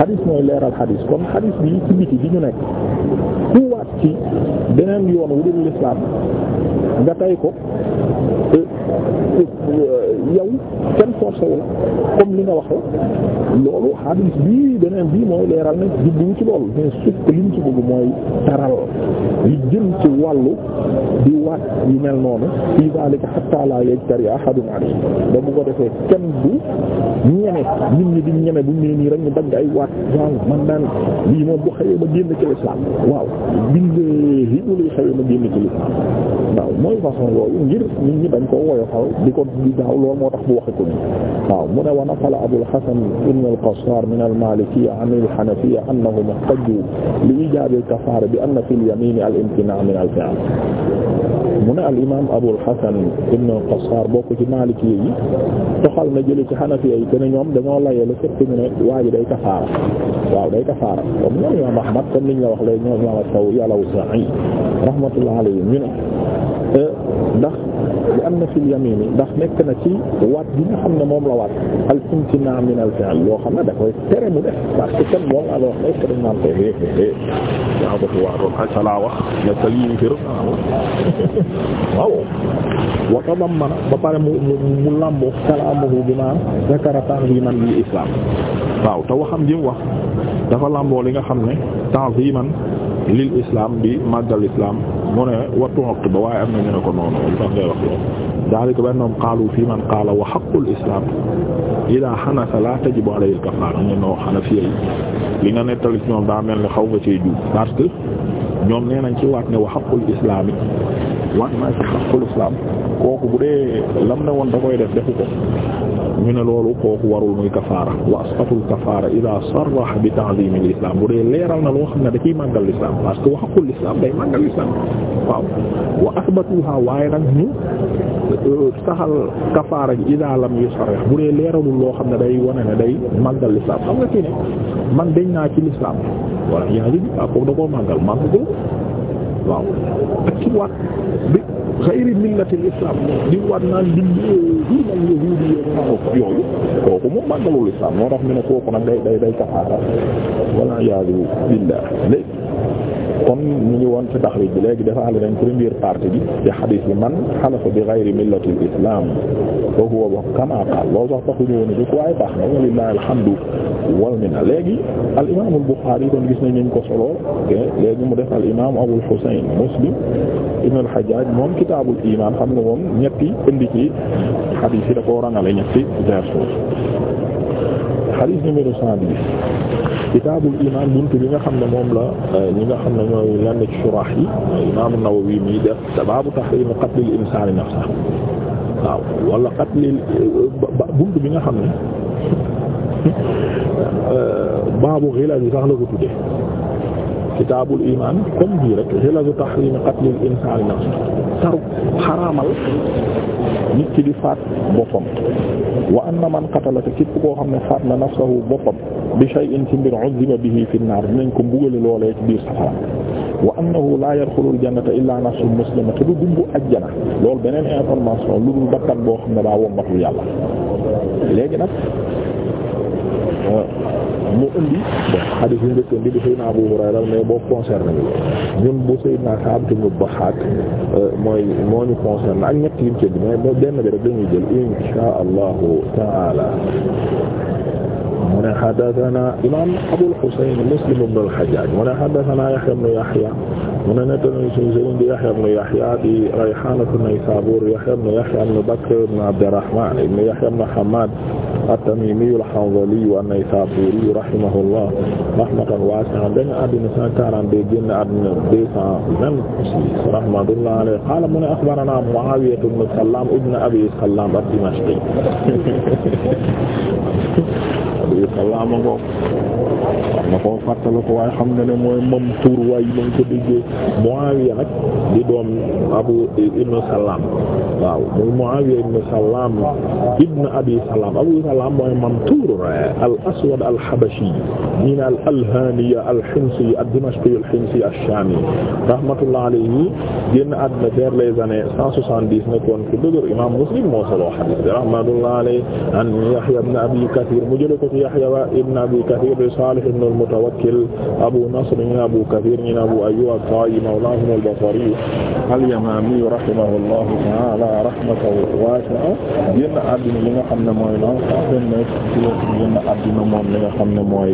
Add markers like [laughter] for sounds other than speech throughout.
xadis mooy leeral xadis kon xadis bi ci biti bi ñu nekk ku waat ci beneen yoon wu dul lislaam nga tay ko yow kenn forcé wu comme li nga waxee loolu hadith bii beneen bii mooy leeral na jubbu ci loolu mais sukk li mu ci bëgg mooy taral li jëm ci wàllu di waat yu mel noonu fii daalika hatta la yajtari ahadun alayhi ba bu ko defee kenn du ñeme nit ñi di ñeme bu ñu nee nii rek ñu dagg ay waat waaw man daan lii moom bu xëyee ma génn ci lislaam waaw bindee lii bu luy xëyee ma génn ci lislaam waaw mooy façon yooyu ngir nit ñi dañ koo woyofal di ko loolu moo tax bu waxe ko ni waaw mu ne wa naqala Abul Hasan ibn al-Qassar min al-Malikiyya an al-Hanafiyya annahum ihtajju li ijab al-kafara bi anna fi al-yamin al-imtina' min al-fi'l mu ne al-imam Abul Hasan ibn al-Qassar bokk ci Malikiyya yi toxal na jële ci Hanafiyya yi ne ñoom dañoo layee le fait que ñu ne waa ji day kafaara waaw day kafaara comme ñoom imam Ahmad comme niñ la wax léegi ñoom imam Yalawza'i rahmatullah alayhi ñu ne eh, ndax li am na fil yamini ndax nekk na ci waat bi nga xam ne moom la waat al imtina min al fi'l yoo xam ne da koy tere mu def parce que kenn moom alors est ce que dañ naan ko é ko fi waatoon wax ne sa lii fir [laughs] waaw wa tadammana ba pare mu mu làmbo kalaamuhu bi ma zakara ta'ziman lil islaam waaw te waxam jëm wax dafa làmboo li nga xam ne ta'ziman lil islam bi màggal islam mu ne wattu waqt ba waaye am na ñu ne ko noonu lu tax ngay wax loolu daalika ba ñoom qaalu fii man qaala wa haqqul islam ila hanasa la tajibu alayhi al na ñu noo yi li nga nettali ci ñoom daa mel ni xaw nga cee juum parce que ñoom nee nañ ci waat ne wa haqqul islam waat naa ci haqqul islam kooku bu dee lam ne woon da koy def defu ko ñu ne loolu kooku warul muy kafaara wa asqatul kafaara ila sarraha bi ta'zim al islam bu dee leeral na loo xam ne da ciy màggal l'islam parce que waxul l'islam day màggal l'islam waaye nag ñu euh, saxal kafaara ji ila loo xam ne day wane ne day màggal l'islam xam nga ci ne man deñ naa ci l'islam wala yaa ngi bi waaw da koo màggal màgg waaw ak ci waat xayri millatil islam di waat naan di diinal yahuudi yi yooyu kooku moom màggalul islam moo tax ñu ne kooku nag day day day kafaara walla iyaazu billaah kon ñu ngi woon ci taxrij bi léegi defaale nañ première partie bi ci xadiis bi man xalafa bi ghayri millatil islam fa huwa kamaa qaala loolu sax taxuñu woon ci waaye baax na walillahi alhamdu wal minna léegi al imaam al Buxaari kon gis nañ ko solo te léegi mu def al imaam Abul Husayn Muslim ibn al Hajjaj moom kitaabul iimaan xam nga moom ñetti indi ci xadiis yi da ko rangale ñetti version xadiis numéro cent dix kitaabul iman buntu bi nga xam ne moom la euh, ñi nga xam ne ñooy lenn ci surah yi imaamu Nawawi mi def baabu tahriim qatlil insaani nafsa waaw wala qatlil buntu bi nga xam ne [laughs] euh, baabu xilal yi sax la ko tuddee kitaabul iman comme bii rek gilatu tahrimi qatlil insani nafsi taru xaraamal nit ki di faat boppam wa anna man qatala te képp koo xam ne faat na nafsahu boppam bi shay'in ci mbir uzziba bihi fi naar dinañ ko mbugale loolee ci biir safara wa annahu la yadxulul jannata illaa nafsun muslima te du dugg ajjana loolu beneen information lu dul bakkan boo xam ne daa wombatu yàlla léegi nag euh, mu indi xadiis yu njëkk bi di Seydina Abu Hurayra mais boo concerné bi ñun bu Seydina Saabit ibn Bahhaak euh, mooy moo ñu concerné ak ñett yu ñu ci mais boo benn bi rek dañuy jël inshaa Allahu taala mu ne haddasanaa imaam Abul Husayn Muslim ibn al-Hajjaaj mu ne haddasanaa Yahyaa ibn Yahyaa mu ne nettali nañu suñu sëriñ di Yahyaa ibn Yahyaa di Rayhaan an-Naysaabuuri Yahyaa ibn Yahyaa ibn Bakr ibn Abdirrahmaan ibn Yahyaa ibn Hammaad at-Tamimi al-Hanzali an-Naysaburi rahimahullah rahmatan wasi'atan dañu àddina 142 génn àddina 226 rahmatullah alayhi qala mu ne akhbarana Muawiya ibn Sallam ibn Abi Sallam ad-Dimashqi [laughs] Abi Sallam ko wax na koo fàttala ko waaye xam nga ne mooy mam tour waay yi ngi ko déggee Muawiya nag di doom Abu Ibn Sallam waaw muy Muawiya ibn Sallam ibn Abi Sallam Abu Sallam salaam mooy Mantuur al aswad al habashi ñii ne al alhaani al himsi ad dimashqi al himsi al shaami rahmatullah alayhi génn àddina vers les années cent soixante dix nekkoon ku dëgër imaam Muslim moo solo hadiis bi rahmatullah alayhi an Yahya ibn Abi Kathir mu jële ko ci Yahya ibn Abi Kathir di Saalih ibn al Mutawakkil Abu Nasr ñii ne Abu Kathir ñii ne Abu Ayyub at-Taa'i mawlaahum al Basri al Yamaami rahimahullahu ta'aala rahmatan waasi'a génn àddina li nga xam ne mooy vingt-neuf ci la génn àddina moom li nga xam ne mooy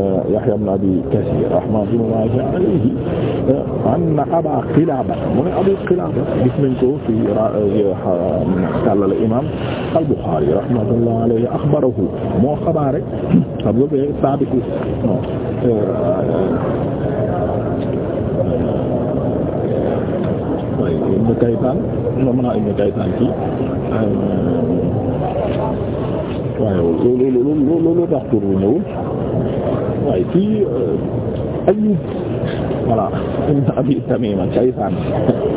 euh, Yahya ibn Abi Kathir rahmatullahi alayhi euh, anna Aba Qilaba mu ne Abu Qilaba gis nañ ko fi euh, tallal imam al-Bukhari rahmatullahi alayhi akhbarahu moo xabaar rek xam nga bee sabiqu Ibn Kaysan no mën naa Ibn Kaysan ci waaye loolu loolu loolu tax tur bi ñëwul waaye kii euh, Ayyub voilà ibn [laughs] Abi Tamima Kaysaan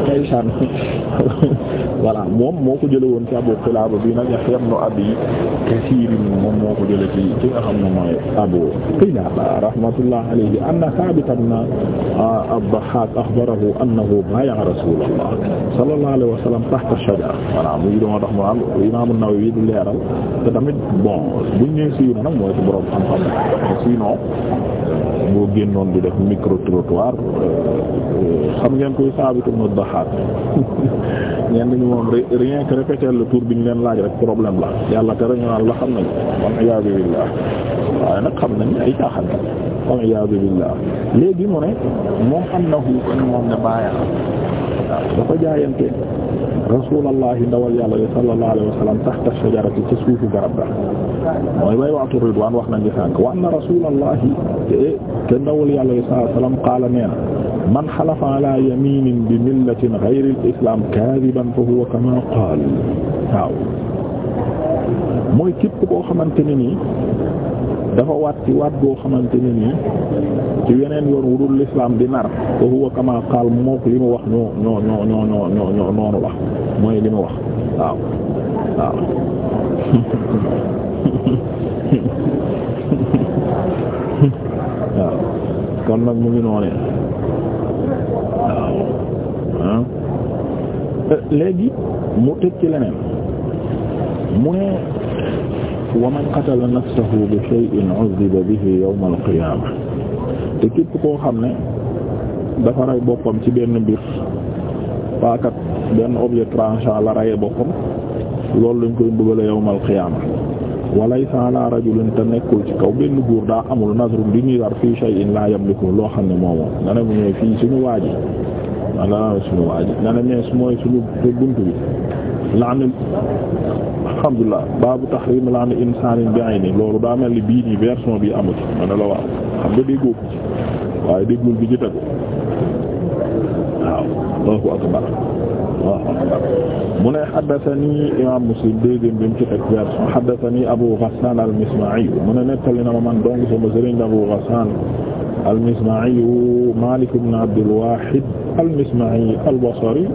Kaysaan [laughs] voilà moom moo ko jële woon ci Abu Qilaaba bi nag Yahya ibn Abi Kasiir moom moo ko jële ci ci nga xam ne mooy Abu Qilaaba rahmatullah alayhi anna Saabit ibn ad-Dahhaak akhbarahu annahu baaya'a Rasuulallah sallallahu alayhi wa sallam tahta shajara voilà muy doon tax mu am Imaam An-Nawawi du leeral te tamit bon buñ nee siiw na nag mooy ci borom xam-xam sinon boo génnoon di def micro trottoir xam ngeen koy Saabit ibn Dahhaak [laughs] ñeen nañu moom rien que répéter le tour bi ñu leen laaj rek problème la yàlla tere ñu naan la xam nañu wal iyaadu billaah waaye nag xam nañ ay caaxaan wal iyaadu billaah léegi mu ne moom xam na hu kon moom ne bàyyi waaw dafa jaayante rasulullah ndawal yàlla li sallallahu alayhi wa sallam tahta shajarati ca suufu garab ga mooy bay waxtu ridwaan wax nañ di sànk wa anna rasulullah te ndawal yàlla li sallallahu alayhi wa sallam qaala nee na man xalafa ala yaminin bi millatin ghayril islam kadiban fa huwa kama waaw mooy képp koo xamante ne nii dafa waat ci waat goo xamante ne nii ci weneen yoon wu dul l'islam di nar fa huwa kama mook li mu wax ñoo ñoo ñoo ñoo ñoo ñoo noonu la mooy li mu wax waaw waaw [laughs] kon nag mu ngi noonee ah euh, léegi mu teg ci leneen mu ne wa man qatala nafsahu bi shay'in 'udhiba bihi yawm al-qiyamah te képp koo xam ne dafa rey boppam ci benn mbir paakat benn objet tranchant la reyee boppam loolu lañ koy mbugale yawm al-qiyamah wa laysa ala rajulin te nekkul ci kaw benn góor daa amul nazrun di ñuy dar fii shay'in la loo xam ne moomoom nga ne suñu waaji ala suñu waaji nana ñees mooy suñu bunt bi laanu alhamdulilah baabu tahrim laanu insaanin bi ayni loolu daa mel ni bii nii version bi amut ma la waaw xam nga déggoo ci waaye déggul bi ci tegu waaw Allahu mu ne haddathani imam Muslim deuxième bi mu ci teg version haddathani Abu Ghassan al-Misma'i mu ne nettali na ma man dong sama sëriñ Abu Ghassan al-Misma'i Malik ibn Abd al-Wahid al-Misma'i al-Basri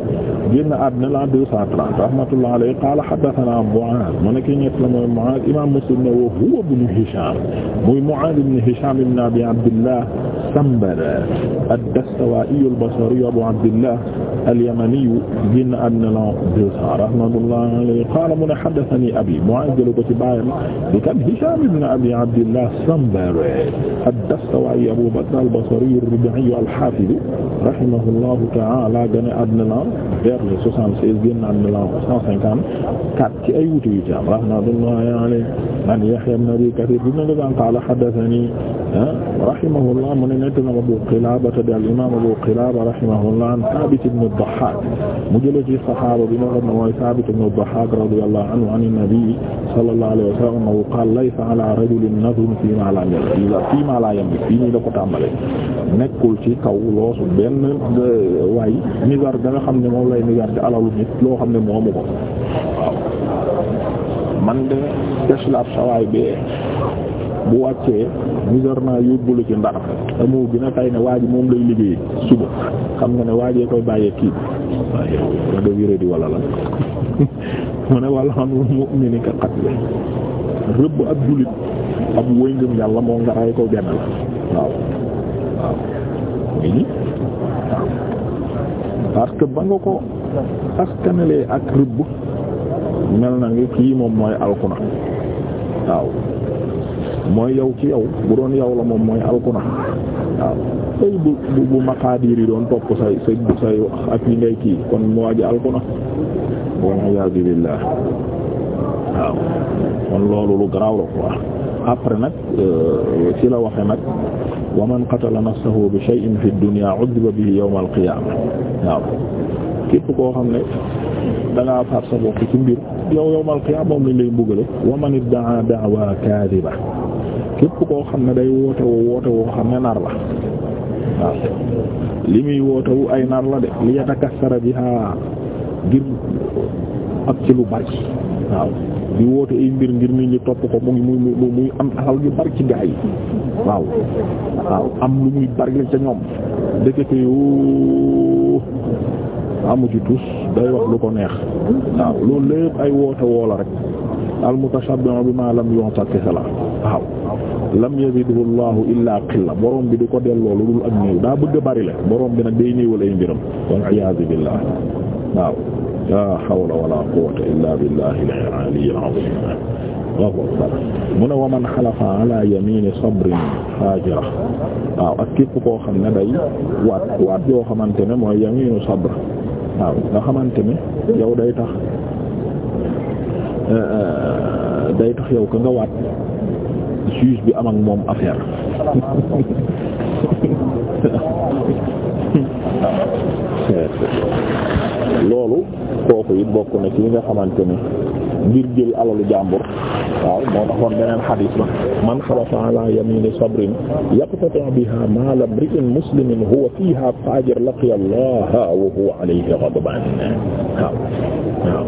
génn àddina la 230 rahmatullah alayhi qaala haddathana Mu'aaz mu nekk ñett la mooy Mu'aaz imaam Muslim ne wa huwa ibn Hishaam muy Mu'aaz ibn Hishaam ibn Abi Abdillah Sambar ad-Dastuwaa'i al-Basri Abu Abdillah al-Yamani génn àddina la 200 rahmatullah alayhi qaala mu ne haddathani abi Mu'aaz jël ko ci baayam di kan Hishaam ibn Abi Abdillah Sambar ad-Dastuwaa'i Abu Bakr al-Basri ar-Ribaa'i al-Haafiz rahimahullahu ta'aala génn àddina la vers les soixante-seize génn am na la cent cinquante-quatre ci ay wuute yu ci am rahmatullahi alayhi an Yahya ibn Abi Kathir bi na ngasaan qaala haddathanii ah, rahimahullah mu ne nett na Abu Qilaaba te al imaam Abu Qilaaba rahimahullah an Thaabit ibn ad-Dahhaak mu jële ci sahaaba bi nga xam ne mooy Thaabit ibn ad-Dahhaak radiyallahu anhu an an-nabi sallallahu alayhi wa sallam annahu qaala laysa ala rajulin nadhrun fiimaa laa yamlik fiimaa laa yamlik fii nii la ko tàmbalee nekkul ci kaw loosu benn euh, waay nizar da nga xam ne moom wala ñu yar ci loo xam ne moomu ko waaw man de deslaab sawaay bee bu wàccee gouvernement yóbbu la ci ndar te moo gën a ne waa moom lay liggéey suba xam nga ne waajee koy bàyyee kii waaye yow de wéré di la [laughs] mu ne wala xam mu'mini ka qatl rëbb ab jullit ab wëy yàlla moo nga ray ko benn la waaw waaw parce que ba nga ko askanalee ak rëbb mel na nga kii moom mooy alkuna waaw mooy yow ci yow bu doon yow la moom mooy alkuna waaw ay bu bu bu maqaadir yi doon topp say say say ak yi ngay kii kon mu waaj alkuna waaw kon loolu lu garaaw la quoi après nag euh, ci la waxe nag wa man qatala bi shay'in fi koo xam ne dangaa faat sa bopp yow yawm al moom lay mbugale wa man idda'a da'wa kadhiba képp koo xam ne day woote woo woote woo xam ne nar la waaw li muy woote wu ay nar la de li yatakassara biha ngir ak ci lu bari waaw di woote ay mbir ngir nit ñi topp ko mu muy muy muy am alal yu bari ci gaa yi waaw waaw am lu muy bari la ca ñoom ndekete yoo amu ci tus day wax lu ko neex waaw loolu lépp ay woote woo la rek al mutashabbihu bima lam yu'ta kisala waaw lam yazidhu Allahu illa qilla borom bi du ko delloo lu dul ak néew daa bëgg bari la boroom bi nag day néewal ay mbiram wal iyaazu billah waaw. la hawla wala quwwata illa billahi al-aliyyil azim Allahu akbar mu ne wa man ala yamini sabrin fajira waaw ak képp koo xam ne day waat waat yoo xamante ne mooy yaminu sabr waaw nga xamante ne yow day tax day tax yow ka nga waat juge bi am moom affaire loolu kooku it bokk na ci li nga xamante ni ngir jël alalu jàmbur waaw moo taxoon beneen xadiis ba man xalafa ala yamini sabrin yaqtati biha maala mri'in muslimin huwa fiha fajir laqiya allaha wa huwa alayhi ghadban waaw waaw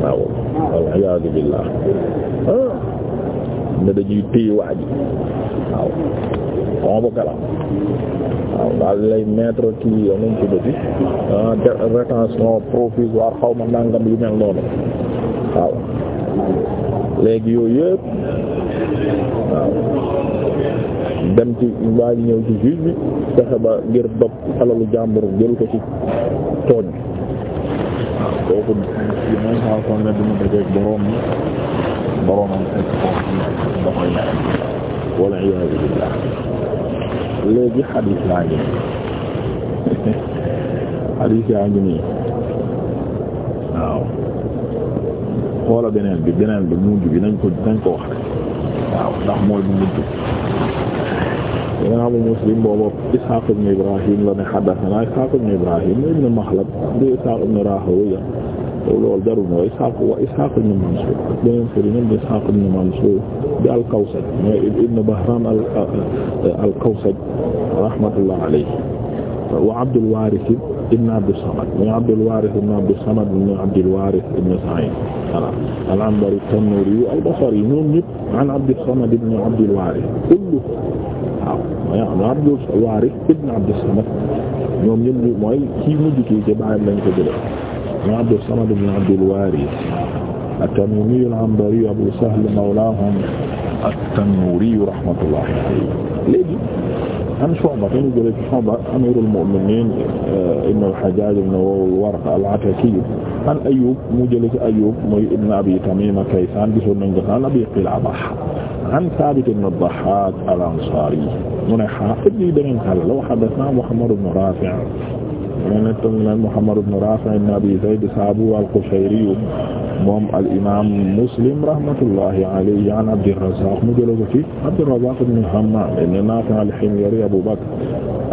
waaw waliyaadu billah ah ne dañuy téye waaji waaw convoqué la waaw daal lay mettre kii yow nañ ci bëti rétention provisoire xaw ma nangam yu mel noonu waaw léegi yooyu yëpp waaw dem ci waa ñëw ci juge bi fexe ba ngir dog alalu jàmbur jël ko ci tooñ waaw kooku ci mooy xaar kon wal iyaadu billah léegi xadiis laa ngi xadiis yaa ngi nii waaw xoola beneen bi beneen bi mujj bi nañ ko nañ ko wax waaw ndax mooy bu mujj imaamu muslim boobu Isxaaq ibn Ibrahim la ne xaddasanaa Isxaaq ibn Ibrahim ibn Maxlad di Isxaaq ibn Raahawayh loolu jarul mooy Ishaq wa Ishaq ibn Mansur beneen sëriñam di Ishaq ibn Mansur di al-Kawsaj mooy ibn Bahram al euh, al-Kawsaj rahmatullah alayhi wa Abdul Waaris ibn Abdul Samad mooy Abdul Waaris ibn Abdul Samad mooy Abdul Waaris ibn Sa'id voilà al-Anbari at-Tannuuri al-Basri ñoom ñëpp an Abdul Samad ibn Abdul Waaris kullu waaw mooy Abdul Waaris ibn Abdul Samad ñoom ñëpp mooy kii mujj kii ci baayam lañ ko jëlee an Abdus Samad ibn Abdul Waaris at-Tamiimi al-Anbari Abu Sahl mawlaahum at-Tannuuri rahmatullahi alayhi léegi an Shu'ba te ñu jëlee ci Shu'ba amiirul mu'miniin eh, ibn al-Hajjaaj ibn Warq al-Ataki an Ayyuub mu jëlee ci Ayyuub muy ibn Abi Tamiima Kaysaan gisoon nañ ko an Abi Qilaaba an Saabit ibn ad-Dahhaak al-Ansaari mu ne xaar beneen xaal la haddathanaa Muhammad ibn Raafi' mu ne tamit nag Muhammad ibn Rafi' ibn Abi Zayd Saabu al-Qushayri moom al imaam Muslim rahmatullahi alayhi an Abdir-Razzaaq mu jëloon ko ci Abdir-Razzaaq ibn Hammaam ibn Naafi' al-Himyari Abu Bakr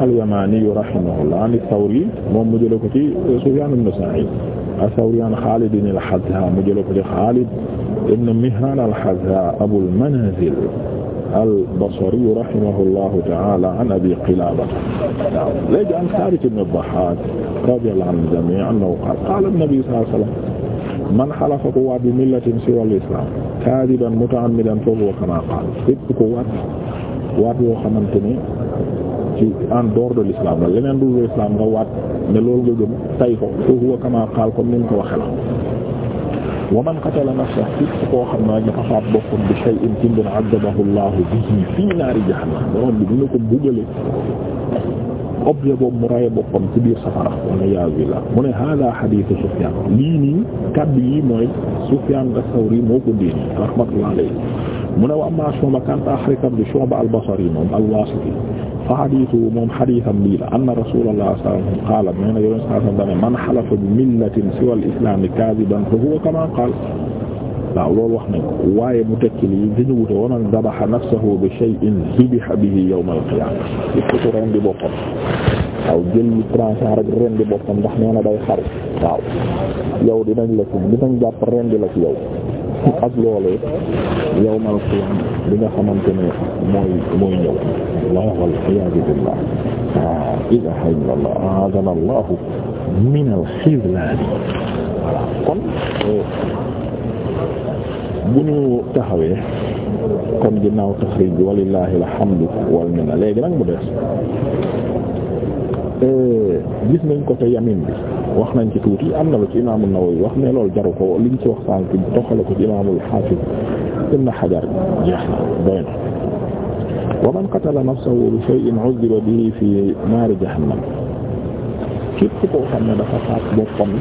al-Yamaani rahimahullah an Ath-Thawri moom mu jëloon ko ci Sufyaan ibn Sa'iid Ath-Thawri an Xaalid al-Hazza mu jëloon ko ci Xaalid ibn Mihraan al-Hazza Abul Manaazil al-Basri rahimahullahu ta'ala an Abi Qilaaba waaw léegi an Saabit ibn ad-Dahhaak radiyallahu anhu jamii' annahu qaala qaala an-nabi sallallahu alayhi wa sallam man halafa ku waat bi millatin siwa al-islaam kaadiban muta'ammidan fahuwa kamaa qaala képp ku waat waat yoo xamante ni ci en dehors de l'islam la leneen dul l'islam nga waat ne loolu nga gëm tay ko fahuwa kamaa qaala comme ni mu ko waxee la wa man qatala nafsahu képp koo xam ne nag dafa faat boppam bi shay'in ci mbir azabahu Allahu bihi fii naari jahannam borom bi dina ko bugale objet boobu mu raye boppam ci biir safara wala yaabillah mu ne hada hadithu Sufyan lii nii kaddu yi mooy Sufyan as-Sawri moo ko déeni rahmatullahi alayhi mu ne wa amma Shu'ba kanta xaritam bi Shu'ba al-Basri moom al-Wasiti fa xadiisu moom xadiisam bii la anna Rasuulullah sallallahu alayhi wa sallam qaala nee na Yonent sallallahu alayhi wa sallam man halafa bi millatin siwa al-islaami kaaziban fa huwa kamaa qaala waaw loolu wax nañ ko waaye mu tekki lii dañu wute wa man dabaxa nafsahu bi shay'in zubiha bihi yawm al-qiyaama ci ren di boppam waaw jël yu tranchant rek ren di boppam ndax nee na day xaru waaw yow dinañ la ci dinañ jàpp ren di la ci yow ak loolee yawmal qiyaama li nga xamante ne mooy mooy ñëw waaw waliyaadu billaah laa ilaaha illallaah a'aadanaa Allaahu minal xizlaan kon eh, bu ñu taxawee kon ginnaaw taxriij bi walillaahi alhamdu wal minna léegi nag mu des eh, gis nañ ko te yamin bi. wax nañ ci tuuti am na lu ci imaam an-Nawawi wax ne loolu jaru ko liñ ci wax sànq toxale ko ci imaamul Haafiz ibn Hajar jeex na doy na wa man qatala nafsahu bi shay'in 'udhiba bihi fi naari jahannam képp koo xam ne dafa faat boppam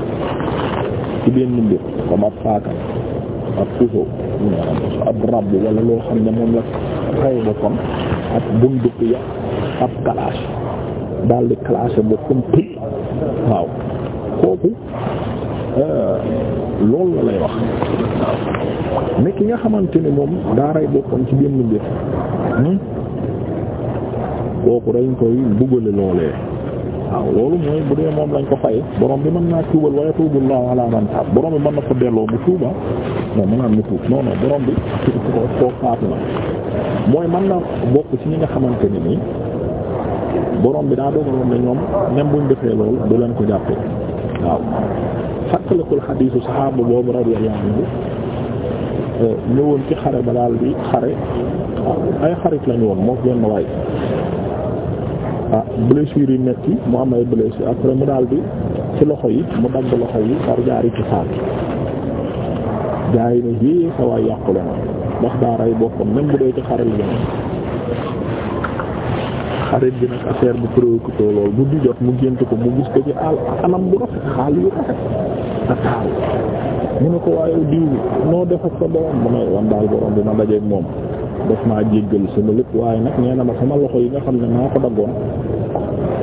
ci benn mbir comme ab paaka ab puso ab rab wala loo xam ne moom la xëy boppam ak bunduk ya ab kalaas daal di classé boppam pëj waaw kooku euh, loolu la lay wax waaw ki nga xamante ni moom daa rey boppam ci benn mbir hmm? kooku dañ koy bugale loolee waaw loolu mooy bu dee moom lañ ko fay borom bi mën naa tuubal waaye tuubul laa wala man taab borom bi mën na ko delloo bu tuuba non mën naa mu tuub non borom bi [laughs] koo faatu na mooy man na bokk ci ñi nga xamante ni nii borom bi daa dogaloon ne ñoom même buñ defee loolu du leen ko jàppee. waaw fàttalikul xadiisu saxaaba boobu radiyallahu anhu ñëwoon ci xare ba daal di xare waaw ay xarit lañu woon moo benn waay ah blessure yi metti mu am ay blessure après mu daal di ci loxo yi mu dagg loxo yi par jaari ci gaa yi ne yii sa waay yàqule na ndax daa rey boppam même bu dee ci xare li xarit bi nag affaire bu préoccupé lool guddi jot mu gént ko mu gis ko ci al anam bu rafet xaal yu rafet a taaru mu ne ko waaye diw noo def ak sa borom mu ne wan daal borom bi ma dajeek moom def maa jéggal sama lépp waaye nag nee na ma sama loxo yi nga xam ne maa ko daggoon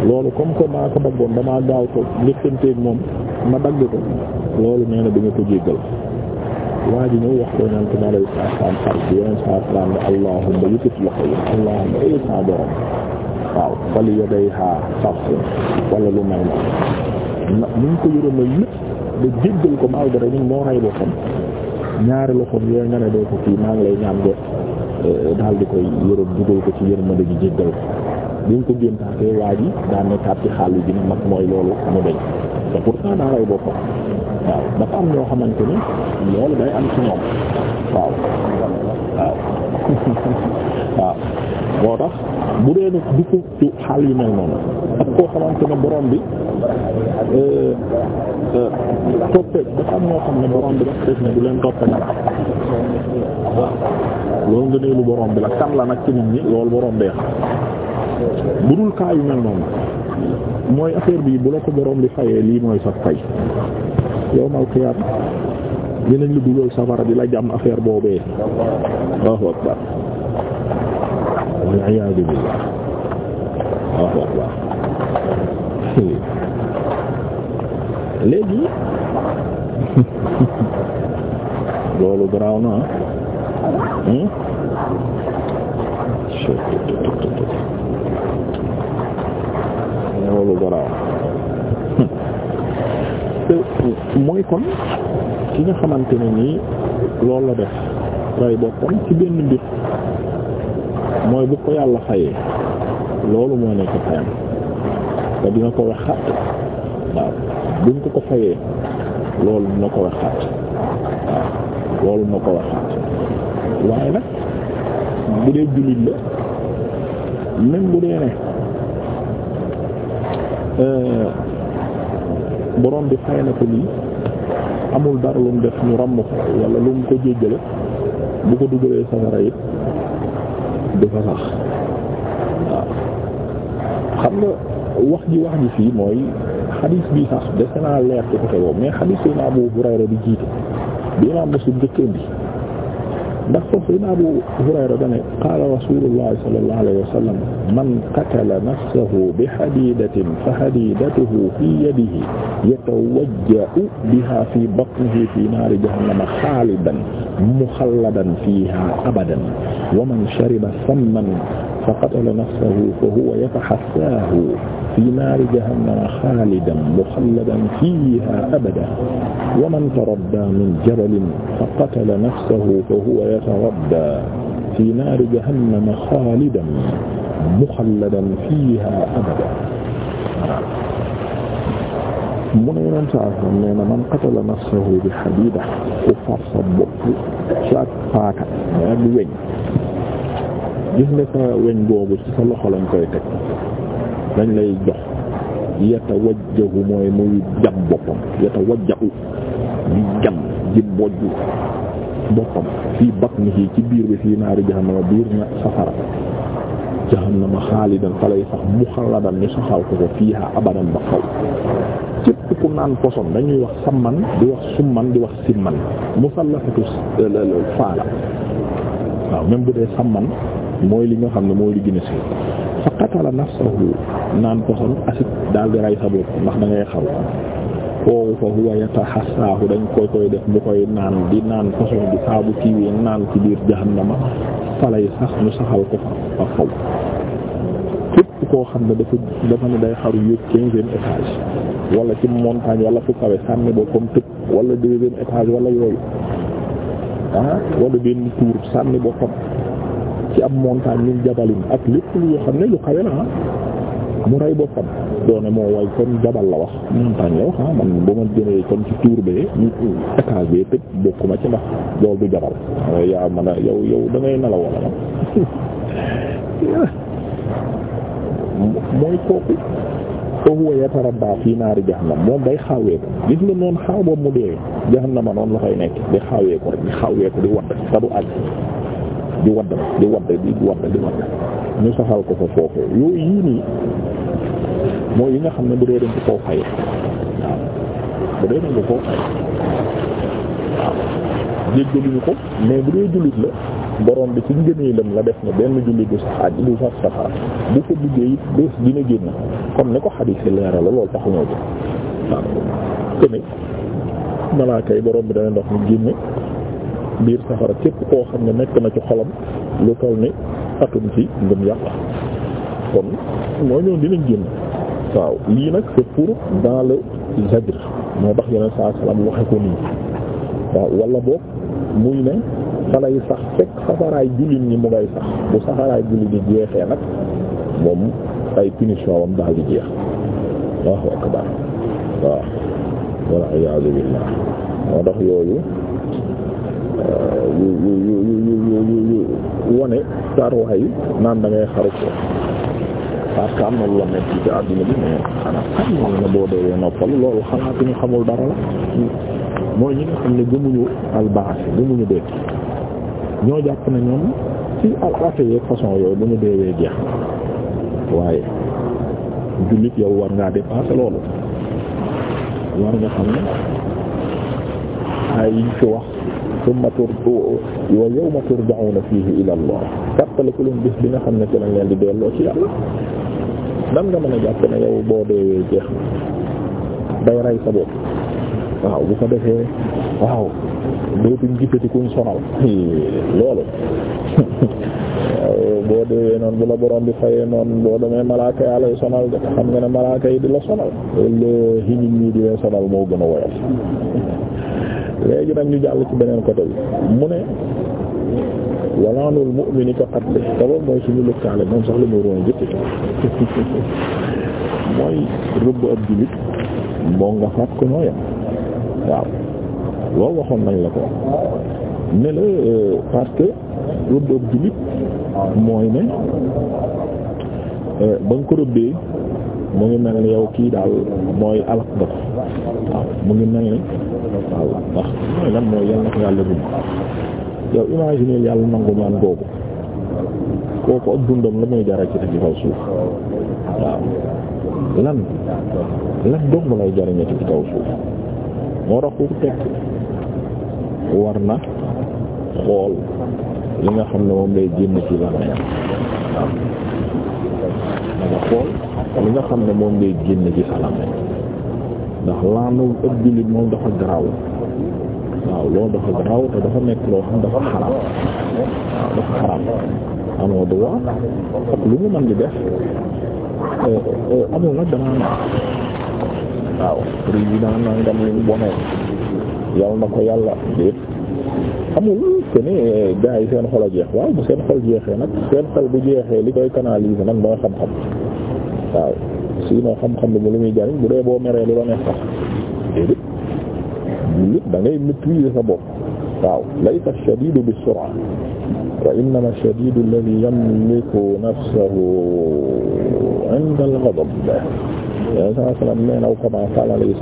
loolu comme que maa ko daggoon damaa gaaw ko njëkkanteeg moom ma dagg ko loolu nee na bi nga ko jéggal waa ji ñëw wax ko ñaan ko ma lay saa saam xar bi yeneen saa saam ne allahumma yëkkati loxo waaw fali yadayha sarfu wala lu mel na ñu ngi ko yërëmal lépp da jéggal ko malgré ñun moo rey boppam ñaari loxoom yooyu nga ne doo ko kii maa ngi lay ñaan de eh, daal di koy yërëm dugal ko ci yërmande gi jéggal ko bi ñu ko géntaatee waa ji daa nekkaat ci xaalis bi nag mag mooy loolu mu deñ te pourtant daa rey boppam waaw dafa am ñoo xamante ni loolu day am ci ñoom waaw waaw [laughs] waaw tax bu dee nag du ko xaal yu mel noonu ak koo xamante ne boroom bi euh, euh, toppe dafa xam ne borom bi daf def ne du leen bi la kan la nag ci nit ñi loolu borom bee bu dul kaa mel noonu mooy affaire bi bu la ko borom bi fayee lii mooy sax fay yawmal qiyaam dinañ la dugal safara di la jàmm affaire boobee Allahu akbar wal iyaadu billah Allahu akbar [laughs] léegi [laughs] loolu garaaw na hmm? loolu garaaw te mooy kon ki nga xamante ne nii loolu la def rey boppam ci benn mbir mooy bu ko yàlla fayee loolu moo nekk fayam te dina ko wax xàtt waaw buñ ko ko fayee loolu dina ko wax xàtt ko wax waaye nag bu dee jullit la même bu dee ne euh, boroom di fay na ko lii amul dara lu mu def ñu ràmm ko wala lu ko jéggale bu ko dugalee safara it du fa sax waaw xam nga wax ji wax ji fii mooy xadiis bii sax dese naa leer ci côté boobu mais xadiis yi na Abu Hurayra bi jiite bi imaam Muslim njëkk indi ndax foofu Seydina Abu Hurayra dane qaala rasuulullahi sallallahu alayhi wa sallam man qatala nafsahu bi hadiidatin fa hadiidatuhu fii yadihi yatawajja'u bihaa fii batnihi fii naari jahannama xaalidan muxalladan fiihaa abadan wa man shariba samman fa qatala nafsahu fa huwa yatahassaahu fi naari jahannama xaalidan muxalladan fiihaa abadan wa man taraddaa min jabalin fa qatala nafsahu fa huwa yataraddaa fi naari jahannama xaalidan muxalladan fiihaa abadan mu ne yeneen saa yi xam ne man qatala nafsahu bi hadiida ku far sa bopp ci ak paaka ak weñ gis nga sa weñ boobu ci sa loxo lañ koy teg. dañ lay jox yatawajjahu mooy muy jam boppam yatawajjahu di jam di bojju boppam fii ci biir bi fii naari jahannama biir na safara jahannama xaalidan fa lay sax muxalladan ñu saxal ko ko fiiha abadan ba xaw képp ku naan poson dañuy wax samman di wax summan di wax simman musallasatu faala waaw même bu dee samman mooy li nga xam ne mooy li gën a fa qatala nafsahu naan poson acid daal di rey sa ndax dangay ngay xaru foofu fa huwa yatahassaahu dañ koy koy def bu koy naan di naan poson bi saabu kiiwee naan ci biir jahannama falay sax ñu saxal ko fa faw képp koo xam ne dafa dafa ne day xaru yéeg quinzième étage wala ci montagne wala fu kawe sànni boppam tëb wala deuxième étage wala yooyu ah wala benn tour sànni boppam ci ab montagne min jabalin ak lépp lu xam ne lu kawe la ah mu rey boppam doone moo way kon jabal la wax montagne la ah, ci tour bee étage ci ndax du jabal yow yow da ngay nelaw wala [laughs] mooy kooku fahuwa moom day xawee ko gis nga noonu xaaw boobu mu dee jahannama noonu la koy nekk di xawee ko rek di xawee ko di wadd te du àgg di wadd di wadd di wadd di wadd ñu saxal ko fa foofu yooyu nii mooy yi nga xam ne bu dee dañ ko koo fay waaw bu dee dañ koo fay waaw jéggaluñu ko mais bu dee jullit la borom bi ci ngëneelam la def ne benn jullit du sax aj du sax safar bu ko duggee it dina génn comme ni ko xadiis yi leeral la loolu taxuñoo ko waaw te ne borom bi dana ndox mu génne biir safara képp koo xam ne nekk na ci xolam lu toll ni atum ci ngëm yàlla kon mooy ñoon dinañ génn waaw lii nag c'est pour dans le zajr moo tax yeneen saa salaam waxe ko nii waaw wala boog muy ne fa sax fekk safaraay jullit ñi mu ngay sax bu safaraay jullit di jeexee nag moom ay punition wam daal di jeex Allahu akbar waaw wal iyaadu moo tax yooyu wone yu naan da ngay xaru ko parce que am na lu la metti ci àdduna bi mais xanaa xam nga ne boo deewee noppalu loolu xalaatuñu xamul dara la mooy ñi nga xam ne gëmuñu albaas gëmuñu dee ñoo jàpp na ñoom ci affaire yooyu bu ñu deewee jeex waaye jullit yow war ngaa dépasser loolu war nga xam ne. ay yiñ fi wax summa turdu wa na turja'una fihi ila Allah ko leen bis bi nga xam ne ci leen di delloo ci yàlla nan nga mën a jàpp ne yow boo deewee jeex bu ko defee waaw dootuñ gisati kuñ sonal [laughs] loolu [laughs] boo deewee noonu bu la borom di fayee noonu boo demee malaaka yaa lay sonal de xam nga ne malaaka yi di la sonal loolu la nit ñi di leen sonal moo gën a woyal léegi nag ñu jàll ci beneen côté bi mu ne walaanul mu'mini ko xat bi te loolu mooy suñu lëkkaale moom sax la muy roon [laughs] jullit moo nga faat ko ñoo waaw loolu waxoon nañ la ko ne la euh, parce que rëbb ab jullit mooy ne euh, ba nga ko rëbbee mu ngi mel ni yow kii daal mooy alak nga ko waaw mu ngi mel ni waaw ndax mooy lan mooy yal ko yàlla dund yow imagine yàlla nangu man boobu kooku ak dundam la muy jara ci te ci kaw suuf waaw lan lan teg war na xool li nga xam ne moom lay génn ci lan waaw da xool li nga xam ne moom ngay génn ci salaam ndax laanu ëpp jullit moom dafa garaaw waaw loolu dafa garaaw te dafa nekk loo xam dafa xaraam waaw dafa xaraam amoo droit ak lu mu mën di def euh, euh, amul nag danaa naan waaw président nangam li mu bonee yal na ko yàlla déet xamul que ni gars yi seen xol a jeex waaw bu seen xol jeexee nag seen xol bu jeexee li koy canaliser nag mooy xam-xam waaw sinon xam-xam bi lu muy jariñ bu dee boo meree lu la neex sax déedéet ngay maîtriser sa bopp waaw laysa ash-shadidu bis-sur'a wa innama ash-shadidu alladhi na aw kamaa qaala alayhi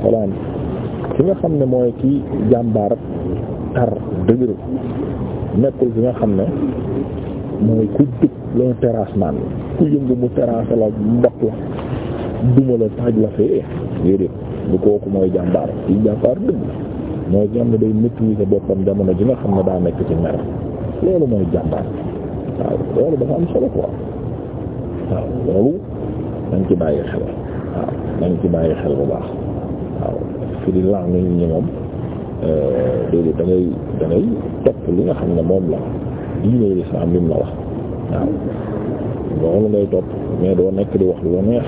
salaatu nga xam ne mooy kii jàmbaar tar dëgëral nekkul bi nga xam ne mooy ku dëkk loolu terrasse naan ku yëngu mu terrasse la mbot duma la taaj la fee yéeréer bu kooku mooy jàmbaar yi jàmbaar dëgg mooy jamono ji nga xam ne daa ci mer loolu mooy jàmbaar waaw loolu dafa am solo quoi waaw loolu nañ ci bàyyi xel waaw nañ ci bàyyi xel bu baax waaw fi di laa nit ñi moom déedéet euh, da ngay topp li nga xam ne moom la diine lislaam li mu la wax waaw loolu ngay topp mais doo nekk di wax lu la neex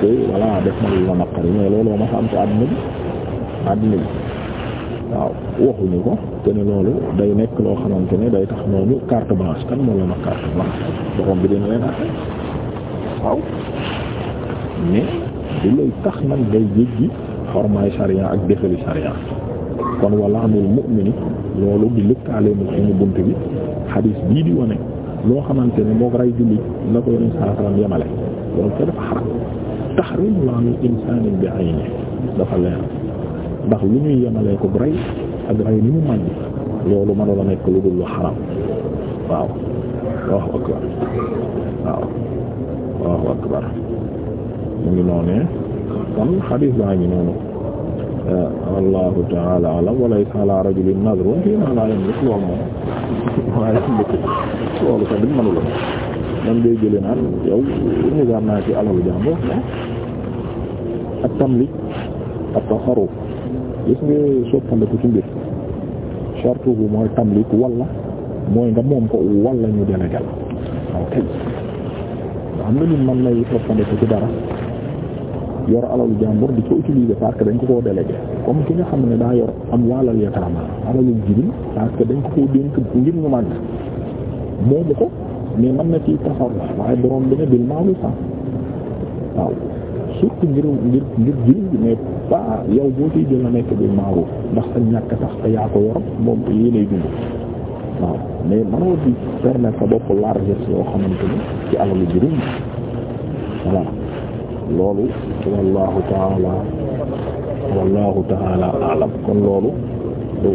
di la naqari loolu ma sa am ci àddina bi àddina bi waaw waxuñu ko te ne loolu day nekk loo xamante ne day tax noonu carte blanche kan moo la ma carte blanche borom bi dina leen atte waaw mais du lay tax nag day jéggi xormaay sariya ak defali sariya kon walaanul mu'mini loolu di lëkkaaleem suñu bunt bi xadiis bii di wane loo xamante ne moo rey jullit la ko yeneen saa yemale loolu te dafa xaram tahrimu laanul insaani bi ayni dafa leer ndax lu ñuy yemalee ko rey ak rey ni mu màgg loolu mënul nekk lu dul lu xaram waaw Allahu akbar waaw Allahu akbar mu ngi noonee kon xadiis baa ngi noonu wallahu ta'ala a'lam wa laysa ala rajulin nadrun fii ma laa yamlik loolu moom waaye loolu sax duñ mënula man day jële naan yow nisaar naa ci alalu jàmbur ak tamlik ak tasarruf gis nga soppandeku ci mbir charte bu mooy tamlik wala mooy nga moom ko wala ñu délégal waaw kay nga xam nga nit mën nay soppandeku ci dara yor alalu jàmbur di ko utiliser parce que dañ ko ko délégué comme ki nga xam ne daa yor am waalal yataama alalu jirim parce que dañ ko koo dénk ngir ñu màgg moomu ko mais mën na ci tasarruf waaye borom bi ne bil ma'ruf waaw surtout ngir ngir ngir jirim bi mais pas yow boo ci jël na nekk bil ma'ruf ndax sa ñàkk tax te yaa ko yor moom yii lay dund waaw mais mënoo di permettre bopp largesse yoo xamante ni ci alalu jirim voilà loolu wallahu taala wallahu taala alam kon loolu du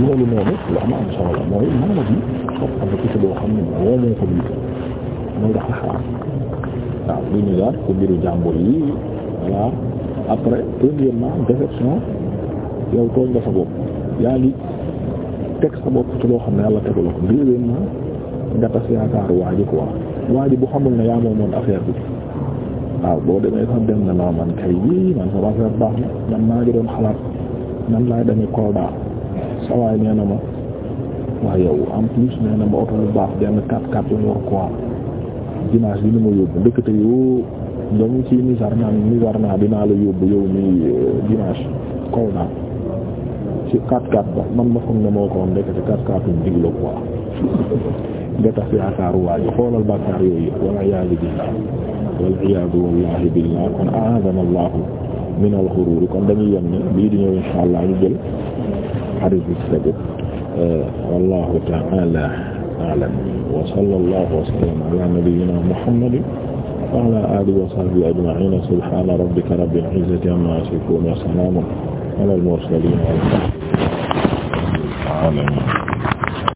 loolu noonu lu am am solo la mooy maama bi soppal ci boo xam ne moo moo ko lii mooy dafa xaram waaw li ñu daal ko mbiru jàmbur yi voilà après premièrement déception yow tooñ nga sa bopp yaa ngi teg sa bopp ci loo xam ne yàlla tegu la ko deuxièmement nga tas yaakaaru waa ji quoi waa ji bu xamul ne yaa moomoon affaire bi waaw boo demee sax dem na naa man kay yii man sama affaire baax na man maa xalaat nan laay demee Kolda sawaay nee na ma waa yow en plus nee na ma oto bu baax benn 4x4 la yor quoi dimanche bi ni ma yóbbu ndëkkate yoo damu ci misar naan misar naa dinaa la yóbbu yow mi dimanche euh, Kolda ci 4x4 ba man ma foog ne moo ko woon ndëkkate 4x4 uñ digla nga tax yaakaaru waaye xoolal bàkkaar yooyu yëpp wal iyaadu billah wal iyaadu wallahi billah kon a'adana allahu min al ghurur kon dañuy yem ni bii di ñëw insha allah ñu jël hadith bi ci tegu wallahu ta'ala a'lam wa sallallahu wa sallama ala nabiyyina muhammad wa ala alihi wa sahbihi ajma'in subhana rabbika rabbil izzati amma yasifun wa salamun ala al mursalin walhamdulillahi rabbil alamin